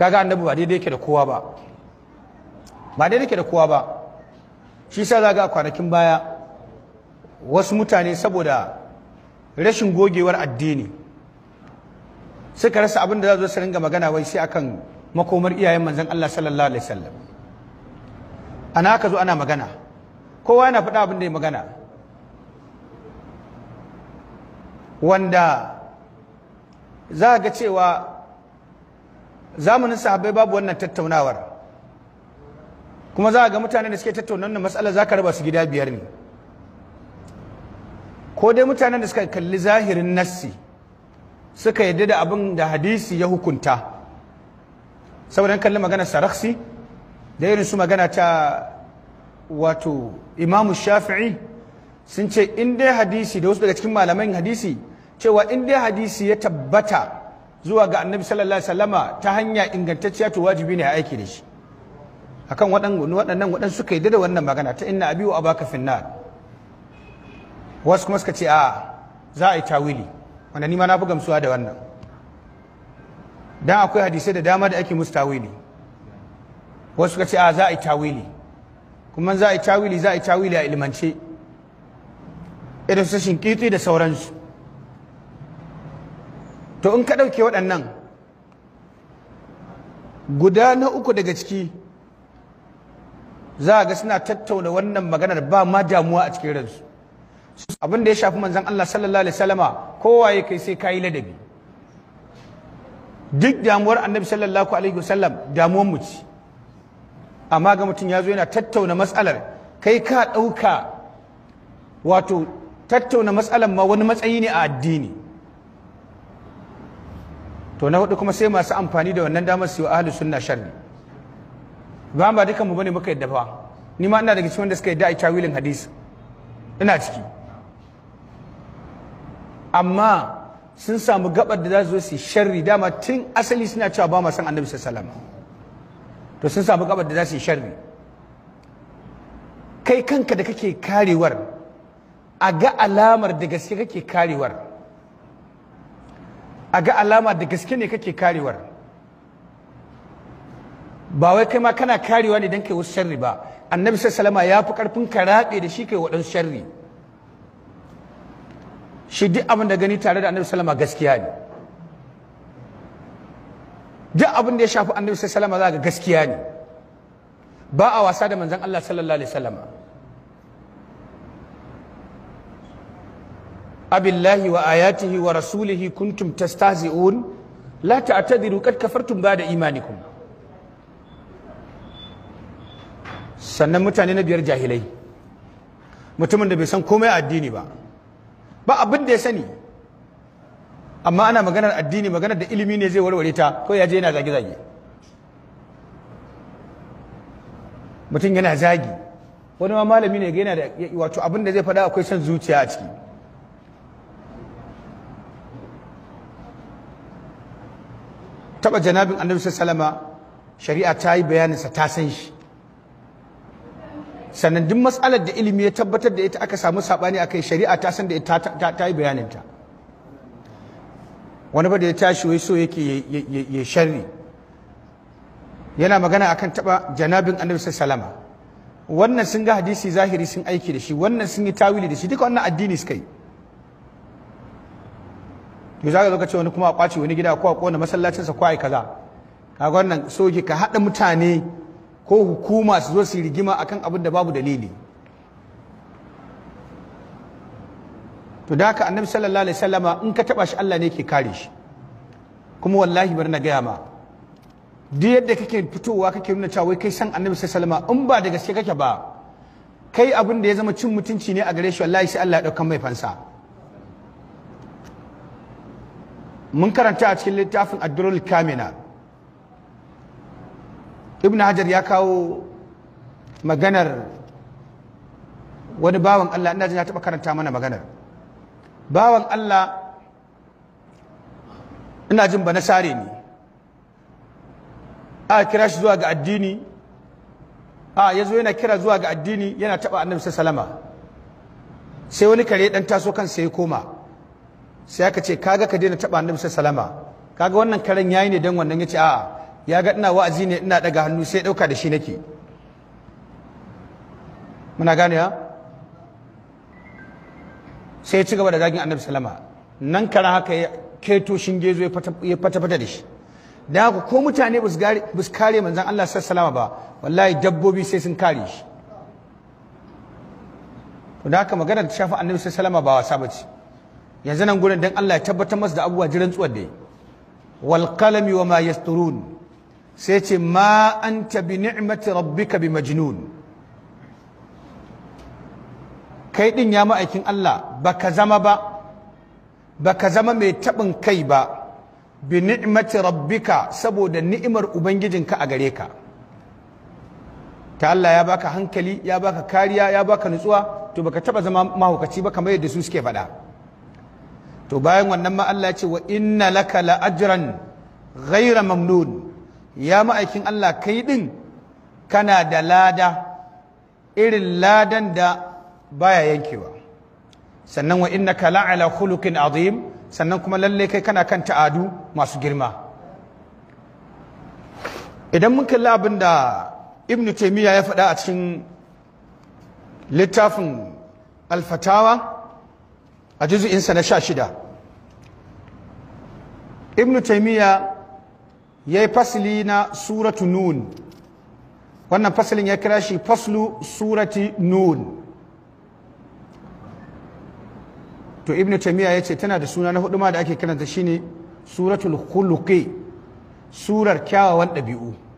kaga annabi ba daidai yake da kowa ba ba daidai yake da kowa ba shi sa zaga kwanakin baya wasu mutane saboda rashin gogewar addini suka rasa abin da za su ringa magana wai sai akan makomar iyayen manzon Allah sallallahu alaihi wasallam ana ka zo ana magana kowa yana faɗa abin da ya magana wanda za ga cewa zamanin sahabbai babu wannan tattaunawar kuma za a ga mutane da suke tattauna wannan matsalar za ka raba su gida biyar ne ko dai mutane da suka kalli zahirin nassi suka yadda da abin da hadisi ya hukunta saboda kalli magana saraksi da irin su magana ta wato imamu shafi'i sun ce in dai hadisi da wasu daga cikin malaman hadisi cewa in dai hadisi ya tabbata zuwa ga annabi sallallahu alaihi wasallama ta hanya ingantacciya to wajibi ne a aiki da shi akan waɗannan waɗannan wadannan suka yi da wannan magana ta inna abi wa abaka finnar wasu kuma suka ce a za a yi tawili wanda ni ma na fi gamsuwa da wannan dan akwai hadisai da dama da ake musu tawili wasu suka ce a za a yi tawili kuma za a yi tawili za a yi tawili a ilmance irin su shinkiti da sauransu to in ka ɗauke waɗannan guda na uku daga ciki za a ga suna tattauna wannan maganar ba ma damuwa a cikin ransu abin da ya shafi manzan Allah sallallahu alaihi wasallama kowaye kai sai kayi ladabi duk damuwar annabi sallallahu alaihi wasallam damuwar mu ce amma ga mutum ya zo yana tattauna matsalar kai ka ɗauka wato tattauna matsalar ma wani matsayi ne a addini to na hudu kuma sai masu amfani da wannan damar su ahlus sunna sharri ba ba dukan mu bane muka yadda fa ni ma ina daga cikin wanda suka yadda a tawilin hadisi ina ciki amma sun samu gabar da za su su sharri dama tun asali suna cewa ba ma san annabi sallallahu alaihi to sun samu gabar da za su yi sharri kai kanka da kake karewar a ga alamar da gaske kake karewar a ga alama da gaske ne kake karewar ba wai kai ma kana karewa ne don kai wasu sharri ba annabi salama ya fi karfin karaɗe da shi kai waɗansu sharri shi duk abin da gani tare da annabi salama gaskiya ne duk abin da ya shafi annabi salama za ga gaskiya ne ba a wasa da manzan Allah sallallahu alaihi wasallama abillahi wa ayatihi wa rasulihi kuntum tastahzi'un la ta'tadiru kad kafartum ba'da imanikum sannan mutane na biyar jahilai mutumin da bai san komai addini ba ba abin da ya sani amma ana maganar addini maganar da ilimi ne zai warware ta ko ya je yana zage-zage mutum yana zagi wani ma malami ne ga yana da wato abin da zai faɗa akwai son zuciya a ciki taba janabin annabi sallama shari'a ta yi bayaninsa ta san shi sannan duk matsalar da ilimi ya tabbatar da ita aka samu saɓani a kai shari'a ta san da ita ta yi bayaninta wani ba da ya tashi wai so yake ya sharri yana magana akan taba janabin annabi sallama wannan sun ga hadisi zahiri sun aiki da shi wannan sun yi tawili da shi duka wannan addini suka yi to za ka zo ka ce wani kuma a kwace wani gida ko a kona masallacinsa ko a yi kaza kaga wannan soji ka haɗa mutane ko hukuma su zo su yi rigima akan abin da babu dalili to da haka annabi sallallahu alaihi wasallama in ka taba shi Allah ne ke kare shi kuma wallahi bari na gaya ma duk yadda kake fitowa kake nuna cewa wai kai san annabi sallallahu alaihi wasallama in ba da gaske kake ba kai abin da ya zama cin mutunci ne a gare shi wallahi sai Allah ya dauka mai fansa mun karanta a cikin littafin addurul kamina ibn hajar ya kawo maganar wani bawan allah ina jin ya taɓa karanta mana maganar bawan allah ina jin ba nasare ne a kira shi zuwa ga addini a ya zo yana kira zuwa ga addini yana taɓa annabi salama sai wani kare ɗan taso kansa ya koma sai aka ce kaga ka daina taba annabi salama kaga wannan karen yayi ne dan wannan yace a'a ya ga ina wa'azi ne ina daga hannu sai dauka da shi nake muna gane ya sai ya ci gaba da zagin annabi salama nan karan haka ya keto shinge zo ya fata fata da shi da haka ko mutane ba su kare manzon Allah salama ba wallahi dabbobi sai sun kare shi to da haka magana da shafi annabi salama ba wasa ba ce yanzu nan gurin dan Allah ya tabbatar masa da abubuwa jiran tsuwar da yi wal wa ma yasturun sai ce ma anta bi ni'mati rabbika bi majnun kai ɗin ya ma'aikin Allah baka zama ba baka zama mai taɓin kai ba bi ni'mati rabbika saboda ni'imar ubangijinka a gare ka ta Allah ya baka hankali ya baka kariya ya baka nutsuwa to baka taba zama mahaukaci ba kamar yadda su suke faɗa to bayan wannan ma Allah ya ce wa inna laka la ajran ghaira mamnun ya ma'aikin Allah kai din kana da lada irin ladan da baya yankewa sannan wa innaka la ala khuluqin azim sannan kuma lalle kai kana kan ta'adu masu girma idan mun kalli abin da ibn taymiya ya faɗa a cikin littafin alfatawa a juzu'insa na sha shida ibn taimiyya ya yi fasili na suratu nun wannan fasilin ya kira shi faslu surati nun to ibn taimiyya ya ce tana da suna na hudu da ake kiranta shine suratul khuluqi surar kyawawan ɗabi'u